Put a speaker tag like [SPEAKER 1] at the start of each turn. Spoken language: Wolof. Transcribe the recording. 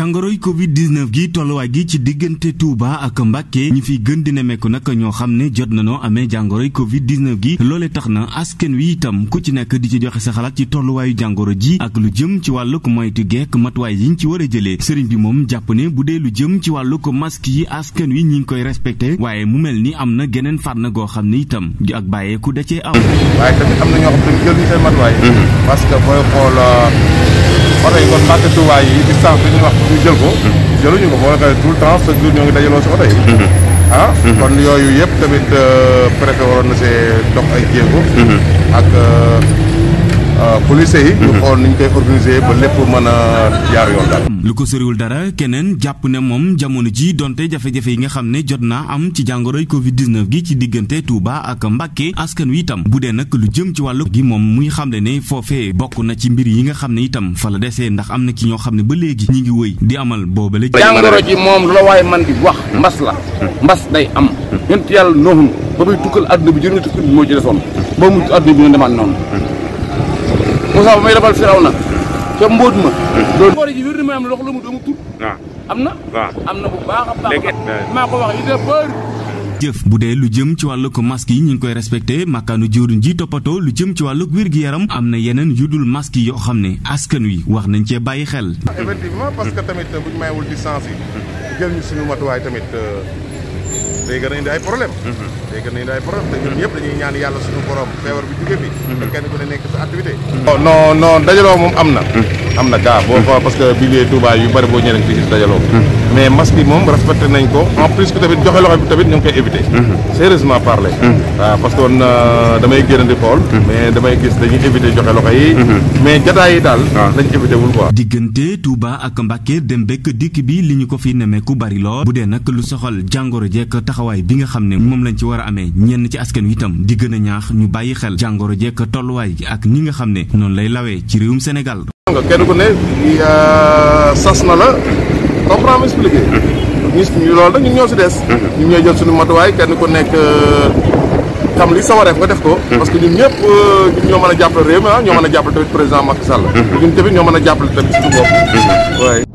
[SPEAKER 1] jàngoroy Covid 19 gi tolluwaay gi ci diggante Touba ak Mbàkke ñi fiy gën di nemmeeku nag ñoo xam ne jot na noo amee jàngoroy Covid 19 gi loole tax na askan wi itam ku ci nekk di ci joxe sa xalaat ci tolluwaayu jàngoro ji ak lu jëm ci wàllu ko moytu geek matuwaay yi ci war a jëlee sëriñ bi moom jàpp ne bu dee lu jëm ci wàllu ko masque yi askan wi ñu ngi koy respecté waaye mu mel ni am na geneen fànn goo xam ne itam ak bàyyeeku da cee am. waaye tamit am oto yi kon Màggal Touba yi distance bi ñuy
[SPEAKER 2] jël ko hmm. jëluñu ko boo xoolee tout le temps chaque jour ñoo ngi dajaloo si oto yi hmm. ah hmm. kon yooyu yëpp tamit euh, préfet waroon na see dox ay jéego ak euh, Euh, police yi. Mhm. ñu xool ni a
[SPEAKER 1] lu ko soriwul dara keneen jàpp ne moom jamono ji donte jafe-jafe yi nga xam ne jot naa am ci jàngoroy Covid 19 ci diggante Touba ak Mbacké askan wi bu dee nag lu jëm ci wàllu gi moom muy xamle ne foofee bokk na ci mbir yi nga xam ne itam fa la desee ndax am na ci ñoo xam ne ba léegi ñi ngi wëy di amal boobale. jàngoro ji moom
[SPEAKER 2] lu la waaye man di wax mbas
[SPEAKER 1] la mbas day am.
[SPEAKER 2] yàlla noonu ba muy tukkal àdduna bi juróomi moo ci desoon ba mu àdduna bi ñu demaat noonu Moussa na
[SPEAKER 1] jëf bu dee lu jëm ci wàllug masque yi ñu ngi koy respecté makkaanu jëwriñ ji toppatoo lu jëm ci wàllug wér-gi-yaram am na yeneen yu dul masque yi yoo xam ne askan wi wax nañ cee bàyyi xel
[SPEAKER 2] effectivement parce que tamit bu ñu mayewul distance yi jël ñu suñu matuwaay tamit euh, day gën a indi ay problème mhm. day gën a indi ay problème te mhm. dañuy ñaan yàlla suñu borom feebar bi jóge fi mhm. te kenn ku ne nekk sa activité oh, non non dajaloo moom am na am na gaa boo fa parce que biir Touba yu bari boo ñëwee fii si dajaloo mais masque yi moom respecté nañ ko en plus que tamit joxe loxo bi tamit ñu ngi koy éviter. Mhm. sérieusement parler. Mhm. waaw parce euh, damay génn di xool. Mhm. mais damay gis dañuy éviter joxe loxo yi.
[SPEAKER 1] mais jataay yi daal. Ah. lañ éviter wul diggante Touba ak Mbacké dem bekk dikk bi li ñu ko fi ku bari lool. bu dee nag lu soxal jàngoro jekk taxawaay bi nga xam ne moom lañ ci war a amee ñenn ci askan wi itam di gën ñaax ñu bàyyi xel jàngoro jekk tolluwaay gi ak ni nga xam ne noonu lay lawee ci réewum Sénégal.
[SPEAKER 2] comprendre ma expliqué. Mhm. ñu loolu dañu ñëw si des. Mhm. ñu ñooy jël suñu matuwaay kenn ku nekk euh, xam li sa wareef nga def ko. Mhm. parce que ñun ñëpp euh, ñoo mën a jàppale réew mi ah ñoo mën a jàppale tamit président Macky Sall. ñun tamit ñoo mën a jàppale tamit suñu bopp.